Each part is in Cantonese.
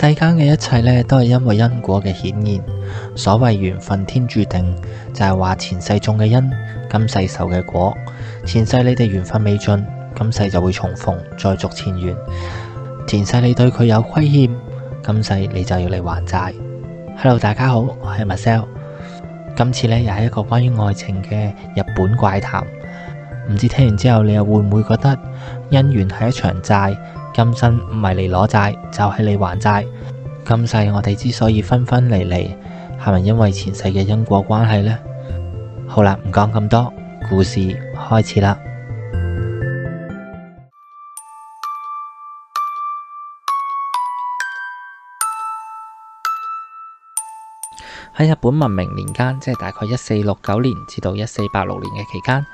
世間嘅一切呢，都係因為因果嘅顯現。所謂緣分天注定，就係話前世種嘅因，今世受嘅果。前世你哋緣分未盡，今世就會重逢，再續前緣。前世你對佢有虧欠，今世你就要嚟還債。Hello，大家好，我係 Marcel。今次呢，又係一個關於愛情嘅日本怪談，唔知聽完之後你又會唔會覺得姻緣係一場債？今生唔係你攞債，就係、是、你還債。今世我哋之所以分分離離，係咪因為前世嘅因果關係呢？好啦，唔講咁多，故事開始啦。喺 日本文明年間，即係大概一四六九年至到一四八六年嘅期間，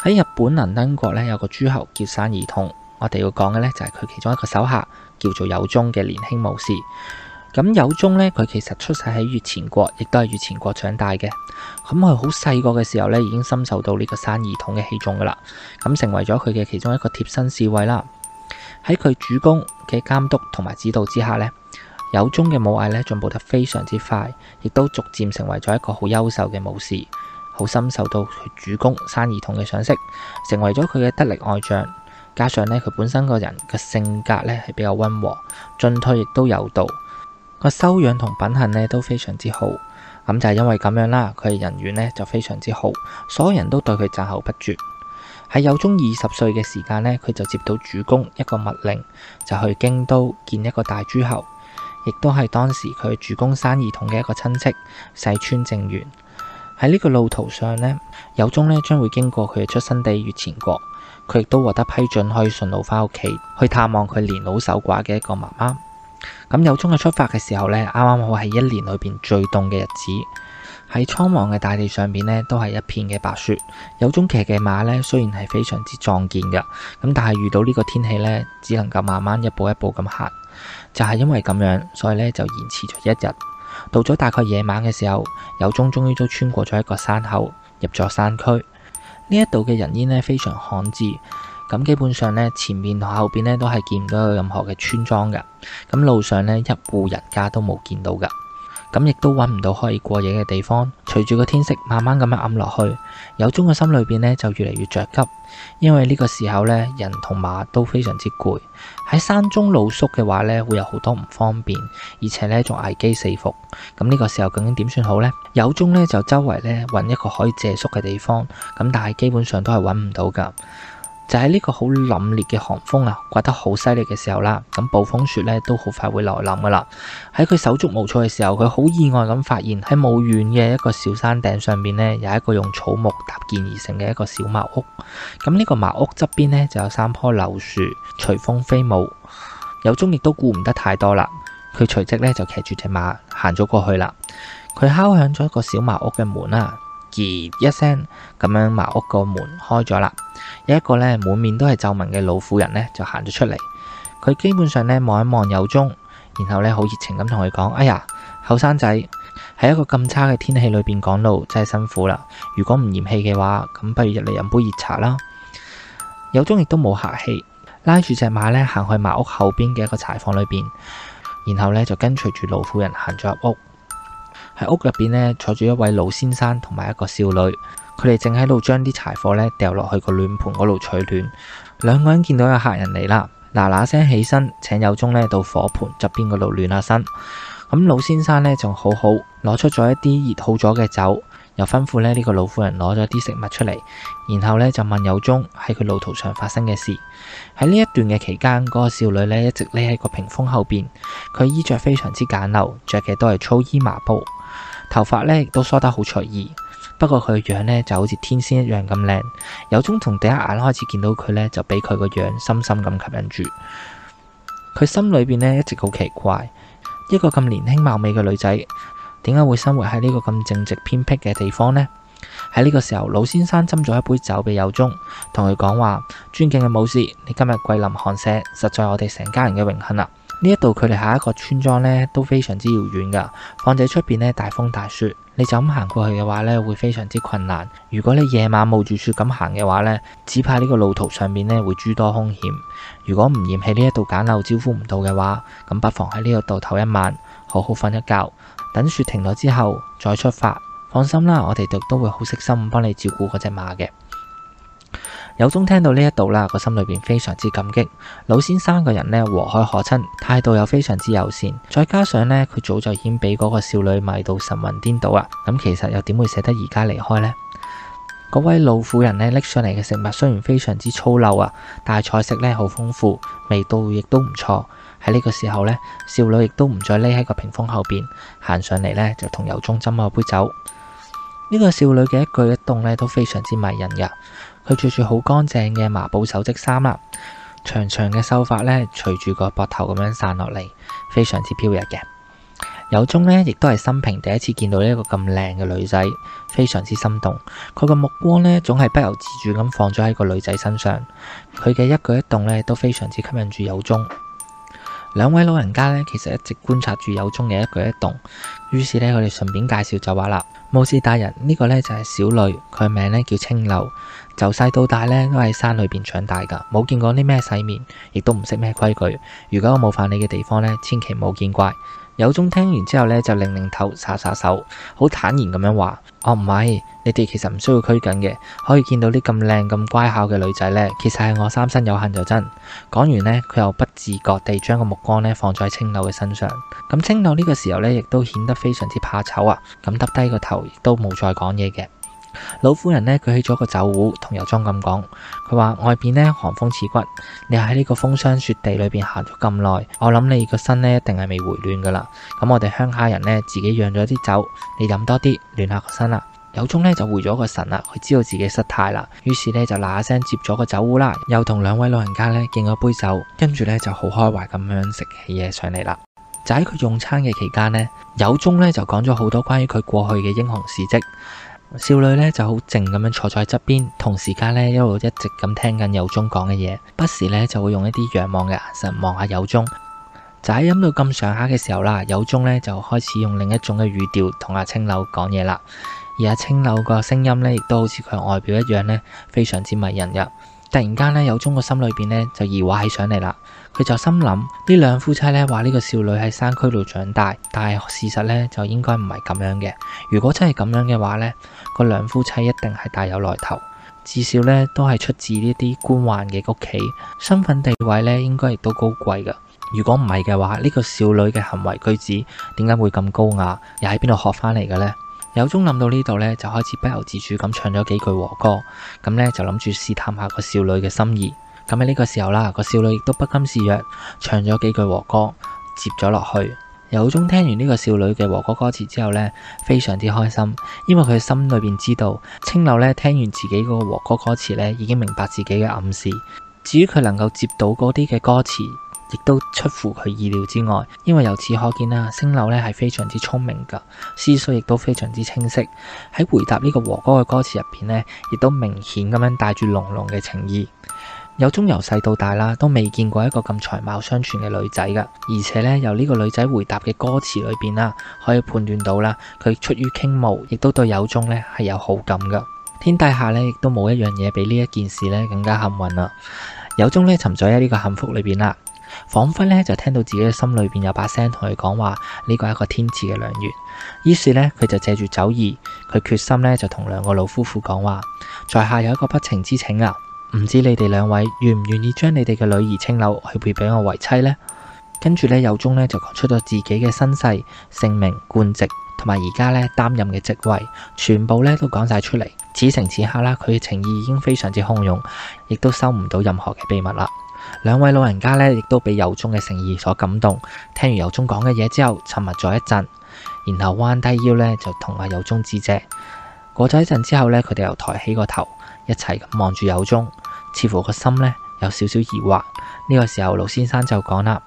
喺日本能登國呢，有個諸侯叫山儀統。我哋要講嘅呢，就係佢其中一個手下叫做友忠嘅年輕武士。咁友忠呢，佢其實出世喺越前國，亦都係越前國長大嘅。咁佢好細個嘅時候呢，已經深受到呢個山義統嘅器重噶啦。咁成為咗佢嘅其中一個貼身侍衛啦。喺佢主公嘅監督同埋指導之下呢，友忠嘅武藝呢，進步得非常之快，亦都逐漸成為咗一個好優秀嘅武士，好深受到佢主公山義統嘅賞識，成為咗佢嘅得力外將。加上咧，佢本身個人嘅性格咧係比較溫和，進退亦都有度，個修養同品行咧都非常之好。咁就係、是、因為咁樣啦，佢嘅人緣咧就非常之好，所有人都對佢讚口不絕。喺友忠二十歲嘅時間咧，佢就接到主公一個密令，就去京都見一個大諸侯，亦都係當時佢主公生兒同嘅一個親戚細川正元。喺呢個路途上咧，友忠咧將會經過佢嘅出生地越前國。佢亦都獲得批准，可以順路翻屋企去探望佢年老守寡嘅一個媽媽。咁友忠嘅出發嘅時候呢，啱啱好係一年裏邊最凍嘅日子，喺蒼茫嘅大地上面呢，都係一片嘅白雪。友忠騎嘅馬呢，雖然係非常之壯健嘅，咁但係遇到呢個天氣呢，只能夠慢慢一步一步咁行。就係因為咁樣，所以呢就延遲咗一日。到咗大概夜晚嘅時候，友忠終於都穿過咗一個山口，入咗山區。呢一度嘅人煙呢，非常罕至，咁基本上呢，前面同後邊呢都係見唔到任何嘅村莊嘅，咁路上呢，一戶人家都冇見到嘅。咁亦都揾唔到可以過夜嘅地方，隨住個天色慢慢咁樣暗落去，友忠嘅心裏邊呢就越嚟越着急，因為呢個時候呢，人同馬都非常之攰，喺山中露宿嘅話呢，會有好多唔方便，而且呢仲危機四伏，咁呢個時候究竟點算好呢？友忠呢就周圍呢揾一個可以借宿嘅地方，咁但係基本上都係揾唔到噶。就喺呢個好凜冽嘅寒風啊，刮得好犀利嘅時候啦，咁暴風雪咧都好快會來臨噶啦。喺佢手足無措嘅時候，佢好意外咁發現喺冇遠嘅一個小山頂上面呢，有一個用草木搭建而成嘅一個小茅屋。咁、這、呢個茅屋側邊呢，就有三棵柳樹隨風飛舞。友忠亦都顧唔得太多啦，佢隨即咧就騎住隻馬行咗過去啦。佢敲響咗一個小茅屋嘅門啊！咦，一聲咁樣，茅屋個門開咗啦，有一個咧滿面都係皺紋嘅老婦人咧就行咗出嚟。佢基本上咧望一望友忠，然後咧好熱情咁同佢講：哎呀，後生仔喺一個咁差嘅天氣裏邊趕路真係辛苦啦。如果唔嫌棄嘅話，咁不如入嚟飲杯熱茶啦。友忠亦都冇客氣，拉住隻馬咧行去茅屋後邊嘅一個柴房裏邊，然後咧就跟隨住老婦人行咗入屋。喺屋入邊咧，坐住一位老先生同埋一個少女，佢哋正喺度將啲柴火咧掉落去個暖盤嗰度取暖。兩個人見到有客人嚟啦，嗱嗱聲起身，請友忠咧到火盆側邊嗰度暖下身。咁老先生咧就好好攞出咗一啲熱好咗嘅酒，又吩咐咧呢個老婦人攞咗啲食物出嚟，然後呢，就問友忠喺佢路途上發生嘅事。喺呢一段嘅期間，嗰個少女呢一直匿喺個屏風後邊，佢衣着非常之簡陋，着嘅都係粗衣麻布。頭髮咧亦都梳得好隨意，不過佢個樣咧就好似天仙一樣咁靚。有忠從第一眼開始見到佢咧，就俾佢個樣深深咁吸引住。佢心裏邊咧一直好奇怪，一個咁年輕貌美嘅女仔，點解會生活喺呢個咁正直偏僻嘅地方呢？喺呢個時候，老先生斟咗一杯酒俾有忠，同佢講話，尊敬嘅武士，你今日桂林寒舍，實在我哋成家人嘅榮幸啦。呢一度距離下一個村莊咧都非常之遙遠噶況且出邊咧大風大雪，你就咁行過去嘅話咧會非常之困難。如果你夜晚冒住雪咁行嘅話咧，只怕呢個路途上面咧會諸多兇險。如果唔嫌棄呢一度簡陋招呼唔到嘅話，咁不妨喺呢一度唞一晚，好好瞓一覺，等雪停咗之後再出發。放心啦，我哋都都會好悉心幫你照顧嗰隻馬嘅。有中聽到呢一度啦，個心裏邊非常之感激老先生個人咧和藹可親，態度又非常之友善。再加上呢，佢早就已經俾嗰個少女迷到神魂顛倒啊。咁其實又點會捨得而家離開呢？嗰位老婦人咧拎上嚟嘅食物雖然非常之粗陋啊，但係菜式呢好豐富，味道亦都唔錯。喺呢個時候呢，少女亦都唔再匿喺個屏風後邊，行上嚟呢就同有中斟咗杯酒。呢、這個少女嘅一舉一動呢都非常之迷人㗎。佢着住好乾淨嘅麻布手織衫啦，長長嘅秀髮咧隨住個膊頭咁樣散落嚟，非常之飄逸嘅。友宗咧亦都係生平第一次見到呢一個咁靚嘅女仔，非常之心動。佢嘅目光咧總係不由自主咁放咗喺個女仔身上，佢嘅一舉一動咧都非常之吸引住友宗。兩位老人家咧其實一直觀察住友宗嘅一舉一動，於是咧佢哋順便介紹就話啦。武士大人，呢個呢就係小女，佢名呢叫青柳，由細到大呢都喺山裏邊長大噶，冇見過啲咩世面，亦都唔識咩規矩。如果我冒犯你嘅地方呢，千祈唔好見怪。有中聽完之後呢，就擰擰頭，撒撒手，好坦然咁樣話：我唔係，你哋其實唔需要拘謹嘅，可以見到啲咁靚咁乖巧嘅女仔呢，其實係我三生有幸就真。講完呢，佢又不自覺地將個目光呢放在青柳嘅身上。咁青柳呢個時候呢，亦都顯得非常之怕醜啊，咁耷低個頭。亦都冇再講嘢嘅，老夫人呢，舉起咗個酒壺，同尤忠咁講：佢話外邊呢，寒風刺骨，你喺呢個風霜雪地裏邊行咗咁耐，我諗你個身呢，一定係未回暖噶啦。咁我哋鄉下人呢，自己釀咗啲酒，你飲多啲暖下個身啦。尤忠呢，就回咗個神啦，佢知道自己失態啦，於是呢，就嗱嗱聲接咗個酒壺啦，又同兩位老人家呢，敬咗杯酒，跟住呢，就好開懷咁樣食起嘢上嚟啦。就喺佢用餐嘅期間呢，友宗呢就講咗好多關於佢過去嘅英雄事蹟。少女呢就好靜咁樣坐在側邊，同時間呢一路一直咁聽緊友宗講嘅嘢，不時呢就會用一啲仰望嘅眼神望下友宗。就喺飲到咁上下嘅時候啦，友宗呢就開始用另一種嘅語調同阿青柳講嘢啦。而阿青柳個聲音呢亦都好似佢外表一樣呢，非常之迷人嘅。突然間呢，友宗個心裏邊呢就疑惑起上嚟啦。佢就心諗呢兩夫妻咧，話呢個少女喺山區度長大，但係事實咧，就應該唔係咁樣嘅。如果真係咁樣嘅話咧，嗰兩夫妻一定係大有來頭，至少咧，都係出自呢啲官宦嘅屋企，身份地位咧，應該亦都高貴噶。如果唔係嘅話，呢個少女嘅行為舉止點解會咁高雅，又喺邊度學翻嚟嘅呢？有中諗到呢度咧，就開始不由自主咁唱咗幾句和歌，咁咧就諗住試探下個少女嘅心意。咁喺呢個時候啦，個少女亦都不甘示弱，唱咗幾句和歌，接咗落去。有中聽完呢個少女嘅和歌歌詞之後呢，非常之開心，因為佢心裏邊知道青柳呢聽完自己嗰個和歌歌詞呢，已經明白自己嘅暗示。至於佢能夠接到嗰啲嘅歌詞，亦都出乎佢意料之外，因為由此可見啦，青柳呢係非常之聰明噶，思緒亦都非常之清晰。喺回答呢個和歌嘅歌詞入邊呢，亦都明顯咁樣帶住濃濃嘅情意。有忠由細到大啦，都未見過一個咁才貌雙全嘅女仔噶，而且咧由呢個女仔回答嘅歌詞裏邊啦，可以判斷到啦，佢出於傾慕，亦都對有忠咧係有好感噶。天底下咧亦都冇一樣嘢比呢一件事咧更加幸運啦。有忠咧沉醉喺呢個幸福裏邊啦，仿佛咧就聽到自己嘅心裏邊有把聲同佢講話，呢個係一個天賜嘅良緣。於是咧佢就借住酒意，佢決心咧就同兩個老夫婦講話，在下有一個不情之請啊！唔知你哋兩位願唔願意將你哋嘅女兒青柳去配俾我為妻呢？跟住咧，友忠咧就講出咗自己嘅身世、姓名、官職同埋而家咧擔任嘅職位，全部咧都講晒出嚟。此時此刻啦，佢嘅情意已經非常之洶湧，亦都收唔到任何嘅秘密啦。兩位老人家咧，亦都俾友忠嘅誠意所感動，聽完友忠講嘅嘢之後，沉默咗一陣，然後彎低腰咧就同阿友忠致謝。過咗一陣之後咧，佢哋又抬起個頭。一齊咁望住友忠，似乎個心呢有少少疑惑。呢個時候，盧先生就講啦：，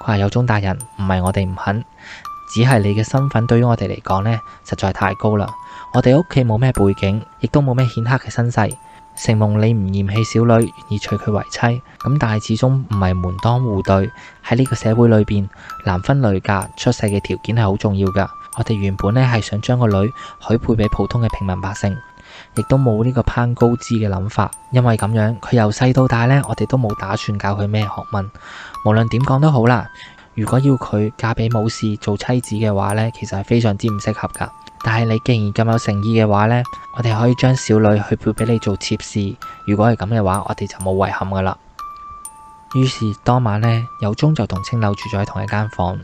佢話友忠大人唔係我哋唔肯，只係你嘅身份對於我哋嚟講呢實在太高啦。我哋屋企冇咩背景，亦都冇咩顯赫嘅身世。承蒙你唔嫌棄小女，願意娶佢為妻，咁但係始終唔係門當戶對。喺呢個社會裏邊，男婚女嫁出世嘅條件係好重要噶。我哋原本呢係想將個女許配俾普通嘅平民百姓。亦都冇呢個攀高枝嘅諗法，因為咁樣佢由細到大呢，我哋都冇打算教佢咩學問。無論點講都好啦，如果要佢嫁俾武士做妻子嘅話呢，其實係非常之唔適合噶。但係你既然咁有誠意嘅話呢，我哋可以將小女去配俾你做妾侍。如果係咁嘅話，我哋就冇遺憾噶啦。於是當晚呢，有鍾就同青柳住咗喺同一間房。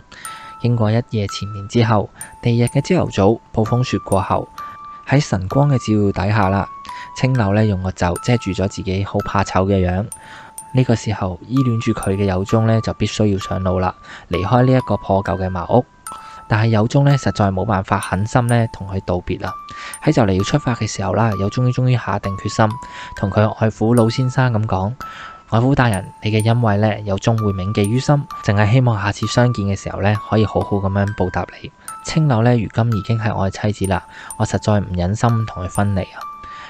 經過一夜纏綿之後，第二日嘅朝頭早，暴風雪過後。喺晨光嘅照耀底下啦，青柳咧用個袖遮住咗自己好怕醜嘅樣。呢、這個時候依戀住佢嘅有終咧就必須要上路啦，離開呢一個破舊嘅茅屋。但係有終咧實在冇辦法狠心咧同佢道別啦。喺就嚟要出發嘅時候啦，有終於終於下定決心，同佢外父老先生咁講：外父大人，你嘅恩惠咧有終會銘記於心，淨係希望下次相見嘅時候咧可以好好咁樣報答你。青柳咧，如今已經係我嘅妻子啦，我實在唔忍心同佢分離啊！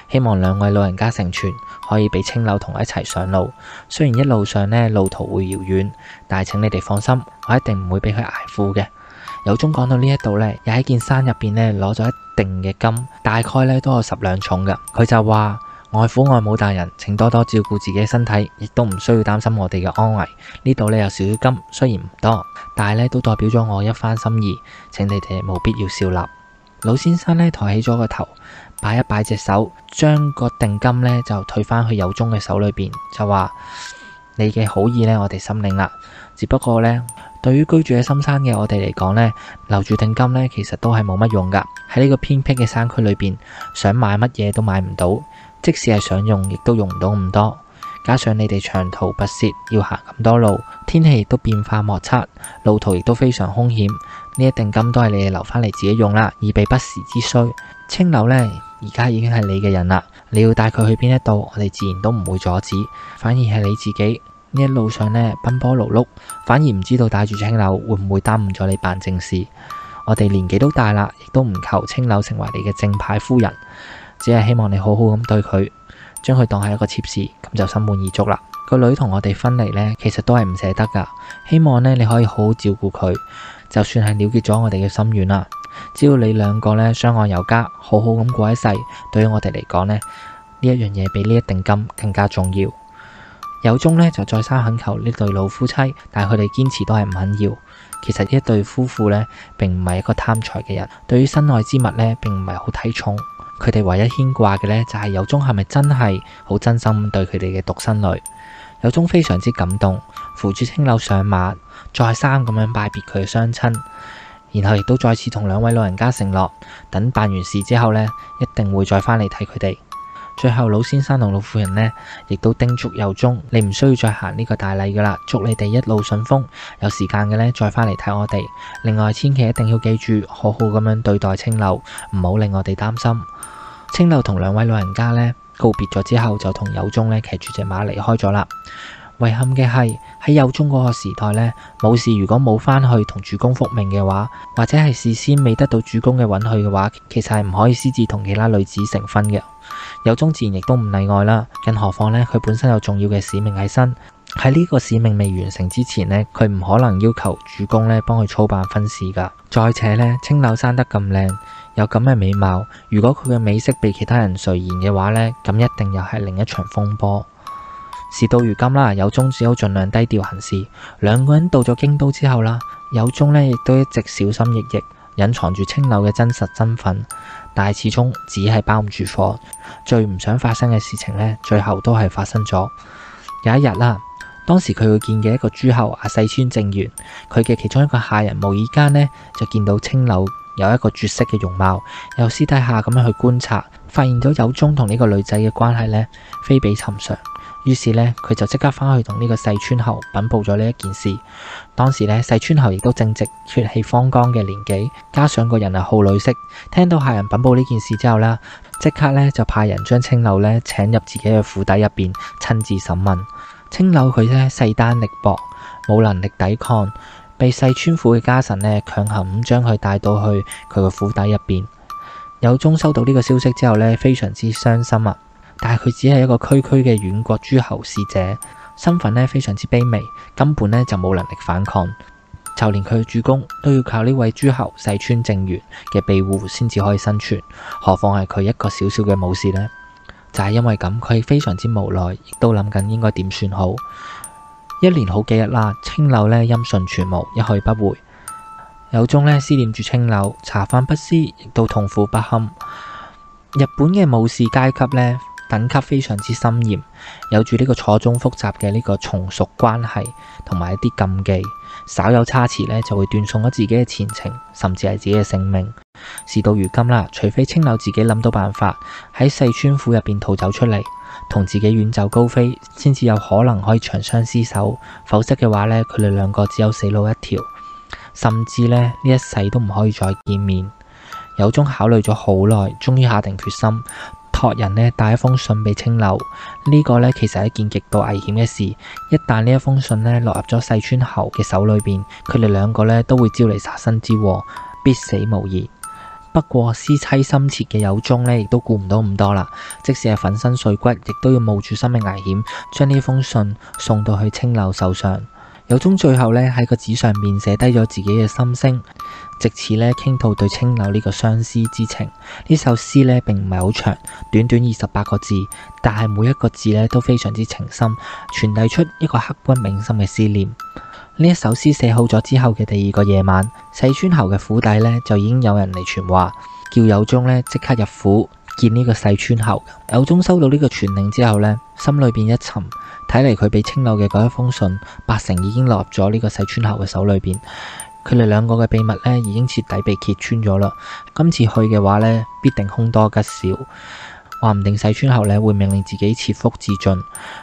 希望兩位老人家成全，可以俾青柳同我一齊上路。雖然一路上咧路途會遙遠，但係請你哋放心，我一定唔會俾佢挨苦嘅。由衷講到呢一度咧，又喺件衫入邊咧攞咗一定嘅金，大概咧都有十兩重嘅。佢就話：外父外母大人，請多多照顧自己身體，亦都唔需要擔心我哋嘅安危。呢度咧有少少金，雖然唔多。但係咧，都代表咗我一番心意，請你哋無必要笑納。老先生咧抬起咗個頭，擺一擺，一擺一隻手，將個定金咧就退翻去有忠嘅手裏邊，就話：你嘅好意咧，我哋心領啦。只不過咧，對於居住喺深山嘅我哋嚟講咧，留住定金咧，其實都係冇乜用噶。喺呢個偏僻嘅山區裏邊，想買乜嘢都買唔到，即使係想用，亦都用唔到咁多。加上你哋長途跋涉，要行咁多路，天氣亦都變化莫測，路途亦都非常凶險。呢一定金都係你哋留返嚟，自己用啦，以備不時之需。青柳呢，而家已經係你嘅人啦，你要帶佢去邊一度，我哋自然都唔會阻止，反而係你自己呢一路上呢，奔波勞碌，反而唔知道帶住青柳會唔會耽誤咗你辦正事。我哋年紀都大啦，亦都唔求青柳成為你嘅正牌夫人，只係希望你好好咁對佢。將佢當係一個妾侍，咁就心滿意足啦。個女同我哋分離呢，其實都係唔捨得噶。希望呢，你可以好好照顧佢，就算係了結咗我哋嘅心願啦。只要你兩個呢，相愛有加，好好咁過一世，對於我哋嚟講呢，呢一樣嘢比呢一定金更加重要。有終呢，就再三懇求呢對老夫妻，但係佢哋堅持都係唔肯要。其實呢一對夫婦呢，並唔係一個貪財嘅人，對於身外之物呢，並唔係好睇重。佢哋唯一牽掛嘅呢，就係友忠係咪真係好真心對佢哋嘅獨生女？友忠非常之感動，扶住青柳上馬，再三咁樣拜別佢嘅雙親，然後亦都再次同兩位老人家承諾，等辦完事之後呢，一定會再返嚟睇佢哋。最後老先生同老婦人呢，亦都叮囑友忠：你唔需要再行呢個大禮噶啦，祝你哋一路順風。有時間嘅呢，再返嚟睇我哋。另外，千祈一定要記住，好好咁樣對待青柳，唔好令我哋擔心。青柳同兩位老人家呢，告別咗之後，就同友忠呢騎住隻馬離開咗啦。遺憾嘅係喺有忠嗰個時代呢，武士如果冇返去同主公復命嘅話，或者係事先未得到主公嘅允許嘅話，其實係唔可以私自同其他女子成婚嘅。有忠自然亦都唔例外啦。更何況呢，佢本身有重要嘅使命喺身，喺呢個使命未完成之前呢，佢唔可能要求主公呢幫佢操辦婚事噶。再且呢，青柳生得咁靚，有咁嘅美貌，如果佢嘅美色被其他人垂涎嘅話呢，咁一定又係另一場風波。事到如今啦，有忠只好盡量低調行事。兩個人到咗京都之後啦，有忠呢亦都一直小心翼翼，隱藏住青柳嘅真實身份。但係始終只係包唔住火，最唔想發生嘅事情呢，最後都係發生咗。有一日啦，當時佢會見嘅一個諸侯阿細川正元，佢嘅其中一個下人無意間呢，就見到青柳有一個絕色嘅容貌，又私底下咁樣去觀察，發現咗有忠同呢個女仔嘅關係呢，非比尋常。於是呢，佢就即刻返去同呢個細川侯稟報咗呢一件事。當時呢，細川侯亦都正值血氣方剛嘅年紀，加上個人係好女色，聽到客人稟報呢件事之後呢，即刻呢，就派人將青柳呢請入自己嘅府邸入邊，親自審問。青柳佢呢勢單力薄，冇能力抵抗，被細川府嘅家臣呢強行咁將佢帶到去佢嘅府邸入邊。有忠收到呢個消息之後呢，非常之傷心啊！但係佢只係一個區區嘅遠國諸侯使者，身份咧，非常之卑微，根本咧就冇能力反抗，就連佢嘅主公都要靠呢位諸侯細川政元嘅庇護先至可以生存，何況係佢一個小小嘅武士呢？就係因為咁，佢非常之無奈，亦都諗緊應該點算好。一連好幾日啦，青柳呢，音信全無，一去不回，有終呢，思念住青柳，茶飯不思，亦都痛苦不堪。日本嘅武士階級呢，等級非常之森嚴，有住呢個錯綜複雜嘅呢個從屬關係，同埋一啲禁忌，稍有差池呢，就會斷送咗自己嘅前程，甚至係自己嘅性命。事到如今啦，除非青柳自己諗到辦法喺四川府入邊逃走出嚟，同自己遠走高飛，先至有可能可以長相廝守。否則嘅話呢，佢哋兩個只有死路一條，甚至呢，呢一世都唔可以再見面。有中考慮咗好耐，終於下定決心。託人咧帶一封信俾青柳，呢、這個咧其實係一件極度危險嘅事。一旦呢一封信咧落入咗細川侯嘅手裏邊，佢哋兩個咧都會招嚟殺身之禍，必死無疑。不過思妻深切嘅友忠咧，亦都顧唔到咁多啦。即使係粉身碎骨，亦都要冒住生命危險，將呢封信送到去青柳手上。有中最後咧喺個紙上面寫低咗自己嘅心聲，直此咧傾吐對青柳呢個相思之情。呢首詩咧並唔係好長，短短二十八個字，但係每一個字咧都非常之情深，傳遞出一個刻骨銘心嘅思念。呢一首詩寫好咗之後嘅第二個夜晚，細川侯嘅府邸咧就已經有人嚟傳話，叫有中咧即刻入府。見呢個細川侯，柳忠收到呢個傳令之後呢，心裏邊一沉，睇嚟，佢俾青柳嘅嗰一封信，八成已經落入咗呢個細川侯嘅手裏邊。佢哋兩個嘅秘密呢，已經徹底被揭穿咗啦。今次去嘅話呢，必定凶多吉少，話唔定細川侯咧會命令自己切腹自盡。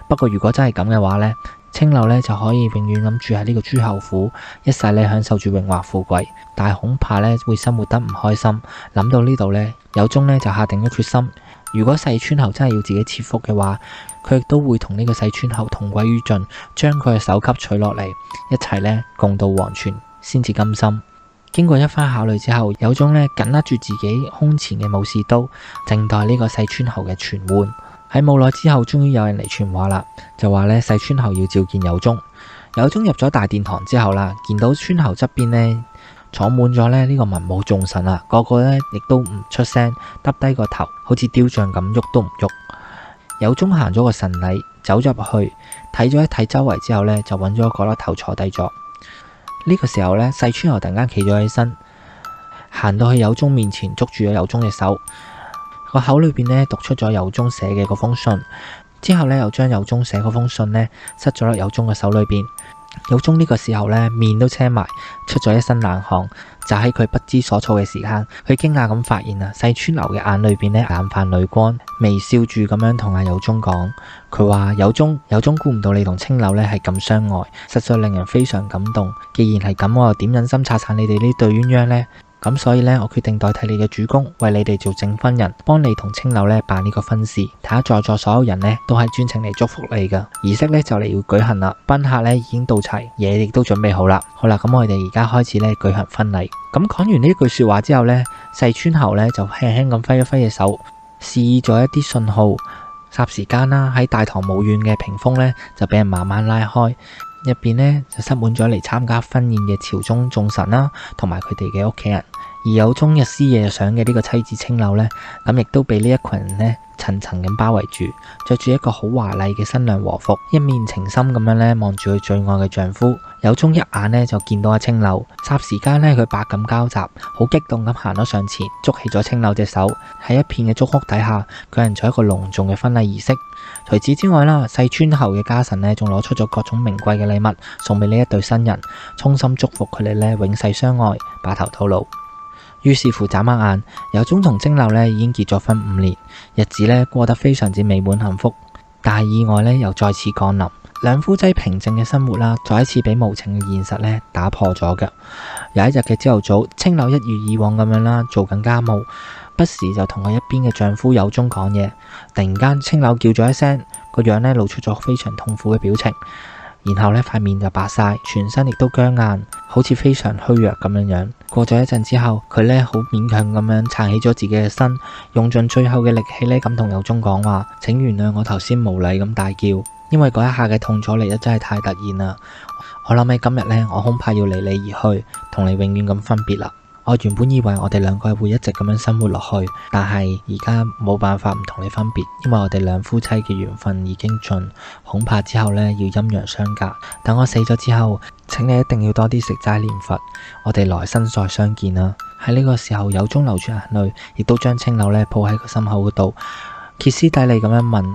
不過如果真係咁嘅話呢。青柳咧就可以永遠諗住喺呢個諸侯府，一世咧享受住榮華富貴，但係恐怕咧會生活得唔開心。諗到呢度呢，有忠呢就下定咗決心：如果細川侯真係要自己切腹嘅話，佢亦都會同呢個細川侯同歸於盡，將佢嘅首級取落嚟，一齊呢共度黃泉，先至甘心。經過一番考慮之後，有忠呢緊握住自己胸前嘅武士刀，靜待呢個細川侯嘅傳喚。喺冇耐之後，終於有人嚟傳話啦，就話呢：「細川侯要召見友忠。友忠入咗大殿堂之後啦，見到村侯側邊呢坐滿咗咧呢個文武眾神啦，個個呢亦都唔出聲，耷低個頭，好似雕像咁喐都唔喐。友忠行咗個神禮，走咗入去，睇咗一睇周圍之後呢，就揾咗一粒位坐低咗。呢、這個時候呢，細川侯突然間企咗起身，行到去友忠面前，捉住咗友忠嘅手。個口裏邊咧，讀出咗友忠寫嘅嗰封信，之後咧，又將友忠寫嗰封信咧，塞咗落友忠嘅手裏邊。友忠呢個時候咧，面都青埋，出咗一身冷汗。就喺佢不知所措嘅時間，佢驚訝咁發現啊，細川流嘅眼裏邊咧，眼泛淚光，微笑住咁樣同阿友忠講，佢話友忠，友忠估唔到你同青柳咧係咁相愛，實在令人非常感動。既然係咁，我又點忍心拆散你哋呢對鴛鴦呢？」咁所以呢，我決定代替你嘅主公，為你哋做證婚人，幫你同青柳呢辦呢個婚事。睇下在座所有人呢，都係專程嚟祝福你噶。儀式呢，就嚟要舉行啦，賓客呢，已經到齊，嘢亦都準備好啦。好啦，咁我哋而家開始呢舉行婚禮。咁講完呢句說話之後呢，細川侯呢，就輕輕咁揮一揮嘅手，示意咗一啲信號。霎時間啦，喺大堂無遠嘅屏風呢，就俾人慢慢拉開，入邊呢，就塞滿咗嚟參加婚宴嘅朝中眾臣啦，同埋佢哋嘅屋企人。而友忠日思夜想嘅呢個妻子青柳呢，咁亦都被呢一群人呢層層咁包圍住，着住一個好華麗嘅新娘和服，一面情深咁樣呢望住佢最愛嘅丈夫。友忠一眼呢就見到阿青柳，霎時間呢佢百感交集，好激動咁行咗上前，捉起咗青柳隻手，喺一片嘅祝福底下舉行咗一個隆重嘅婚禮儀式。除此之外啦，細川侯嘅家臣呢仲攞出咗各種名貴嘅禮物送俾呢一對新人，衷心祝福佢哋呢永世相愛，白頭到老。於是乎眨下眼，有鍾同青柳咧已經結咗婚五年，日子咧過得非常之美滿幸福。但係意外咧又再次降臨，兩夫妻平靜嘅生活啦，再一次俾無情嘅現實咧打破咗㗎。有一日嘅朝頭早，青柳一如以往咁樣啦做緊家務，不時就同佢一邊嘅丈夫有鍾講嘢。突然間，青柳叫咗一聲，個樣咧露出咗非常痛苦嘅表情。然後呢塊面就白晒，全身亦都僵硬，好似非常虛弱咁樣樣。過咗一陣之後，佢呢好勉強咁樣撐起咗自己嘅身，用盡最後嘅力氣呢咁同友中講話：請原諒我頭先無禮咁大叫，因為嗰一下嘅痛楚嚟得真係太突然啦。我諗起今日呢，我恐怕要離你而去，同你永遠咁分別啦。我原本以為我哋兩個會一直咁樣生活落去，但係而家冇辦法唔同你分別，因為我哋兩夫妻嘅緣分已經盡，恐怕之後呢要陰陽相隔。等我死咗之後，請你一定要多啲食齋念佛，我哋來生再相見啦。喺呢個時候，有終流出眼淚，亦都將青柳呢抱喺個心口度，歇斯底里咁樣問。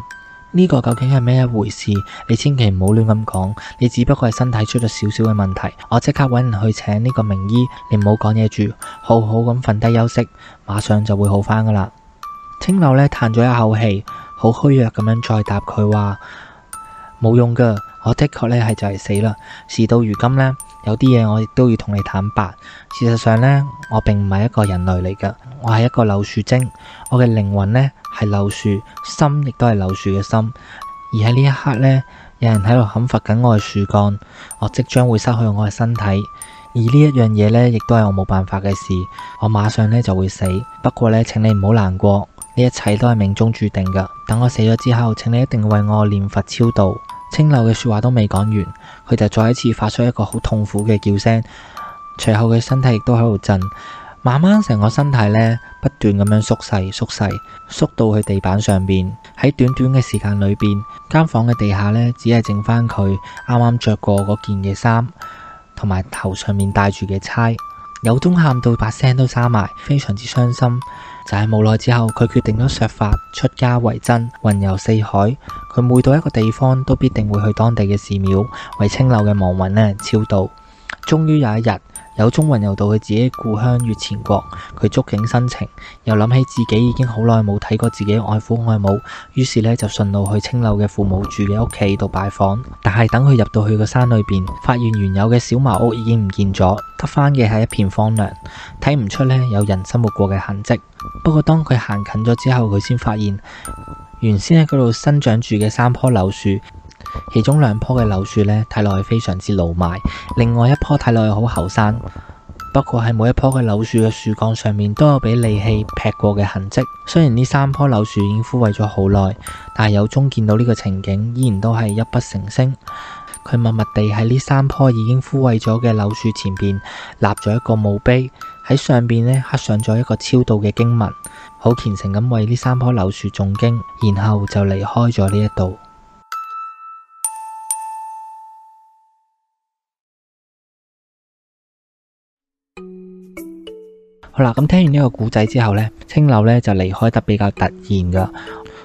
呢個究竟係咩一回事？你千祈唔好亂咁講，你只不過係身體出咗少少嘅問題，我即刻搵人去請呢個名醫，你唔好講嘢住，好好咁瞓低休息，馬上就會好返噶啦。青柳呢，嘆咗一口氣，好虛弱咁樣再答佢話：冇用噶，我的確呢係就係、是、死啦。事到如今呢。有啲嘢我亦都要同你坦白，事實上呢，我並唔係一個人類嚟㗎，我係一個柳樹精，我嘅靈魂呢係柳樹，心亦都係柳樹嘅心。而喺呢一刻呢，有人喺度砍伐緊我嘅樹幹，我即將會失去我嘅身體，而呢一樣嘢呢，亦都係我冇辦法嘅事，我馬上呢就會死。不過呢，請你唔好難過，呢一切都係命中注定㗎。等我死咗之後，請你一定為我念佛超度。青柳嘅說話都未講完，佢就再一次發出一個好痛苦嘅叫聲，隨後嘅身體亦都喺度震，慢慢成個身體呢不斷咁樣縮細、縮細、縮到去地板上邊。喺短短嘅時間裏邊，間房嘅地下呢只係剩返佢啱啱着過嗰件嘅衫，同埋頭上面戴住嘅釵。有中喊到把聲都沙埋，非常之傷心。就係、是、無奈之後，佢決定咗削髮出家為僧，雲遊四海。佢每到一個地方，都必定會去當地嘅寺廟為青柳嘅亡魂呢超度。終於有一日。有中雲遊到佢自己故鄉越前國，佢觸景生情，又諗起自己已經好耐冇睇過自己外父外母，於是呢就順路去青柳嘅父母住嘅屋企度拜訪。但係等佢入到去個山裏邊，發現原有嘅小茅屋已經唔見咗，得返嘅係一片荒涼，睇唔出呢有人生活過嘅痕跡。不過當佢行近咗之後，佢先發現原先喺嗰度生長住嘅三棵柳樹。其中兩棵嘅柳樹呢，睇落去非常之老邁；另外一棵睇落去好後生。不過喺每一棵嘅柳樹嘅樹幹上面，都有俾利器劈過嘅痕跡。雖然呢三棵柳樹已經枯萎咗好耐，但係友忠見到呢個情景，依然都係泣不成聲。佢默默地喺呢三棵已經枯萎咗嘅柳樹前邊立咗一個墓碑，喺上邊咧刻上咗一個超度嘅經文，好虔誠咁爲呢三棵柳樹誦經，然後就離開咗呢一度。好啦，咁聽完呢個故仔之後呢，青柳呢就離開得比較突然噶。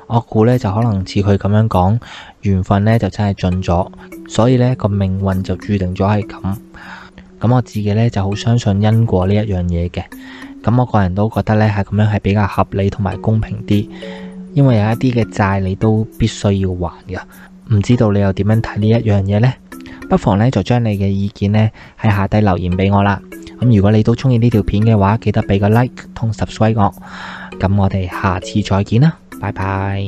我估呢就可能似佢咁樣講，緣分呢就真係盡咗，所以呢個命運就注定咗係咁。咁我自己呢就好相信因果呢一樣嘢嘅。咁我個人都覺得呢係咁樣係比較合理同埋公平啲，因為有一啲嘅債你都必須要還噶。唔知道你又點樣睇呢一樣嘢呢？不妨呢就將你嘅意見呢喺下底留言俾我啦。如果你都鍾意呢條片嘅話，記得畀個 like 同 subscribe 我。咁我哋下次再見啦，拜拜。